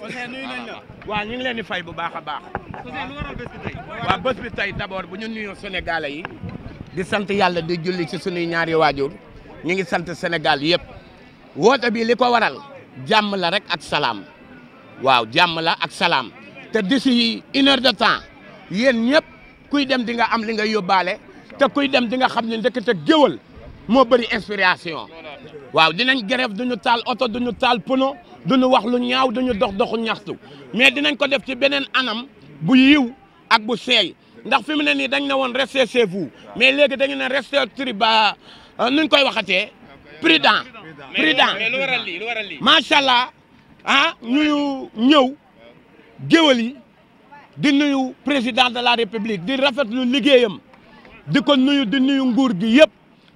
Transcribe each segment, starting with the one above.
waaw ñu ngi leen di fay bu baax a baax. waaw bés bi tey bu ñu nuyoo Sénégalais yi. di sant yàlla di julli ci sunuy ñaari waajur ñu ngi sant Sénégal yëpp woote bi li ko waral jàmm la rek ak salaam waaw jàmm la ak salaam te d'ici une heure de temps yéen ñëpp kuy dem di nga am li nga yóbbaale te kuy dem di nga xam ne ndekete géwal moo une inspiration waaw dinañ grève duñu taal nous duñu nous, pono nous wax lu ñaaw duñu dox doxu ñaxtu mais ko def ci anam bu yiw ak bu nous ndax ne dañ nous chez vous mais nous restez triba euh, nuñ koy nous allah ah ñuyu nous, qui nous président de la république di di ko nuyu di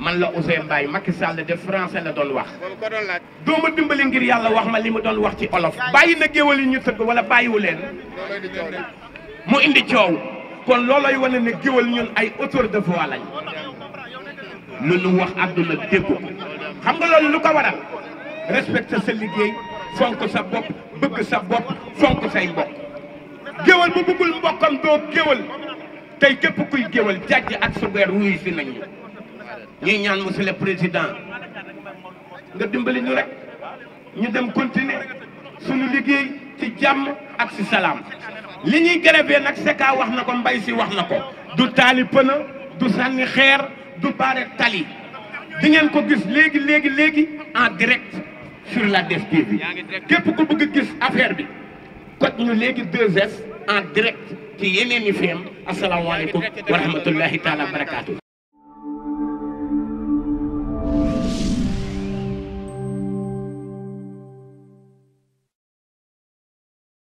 man la Ousseyn Mbaye Macky Sall de français la doon wax. doo ma dimbali ngir yàlla wax ma li mu doon wax ci olof. bàyyi na géwél yi ñu tëgg wala bàyyiwu leen. mu indi coow. kon looloy wane ne géwél ñun ay auteur de voix lañ. lu nu wax àdduna dégg ko xam nga loolu lu ko waral. respecter sa liggéey fonk sa bopp bëgg sa bopp fonk say mbokk. géwél bu bëggul mbokkam doo géwél tey képp kuy géwél jàjj ak sa wuyu si nañ ñuy ñaan monsieur le président nga dimbali ñu rek ñu dem continuer suñu liggéey ci jàmm ak ci salaam li ñuy grève nag Secka wax na ko mbay si wax na ko du taali pëna du sànni xeer du baare tali di ngeen ko gis léegi léegi léegi en direct sur la DSTV képp ku bëgg gis affaire bi kot ñu léegi 2S en direct ci yeneen i feem asalaamaaleykum wa rahmatullahi taala wa barakaatu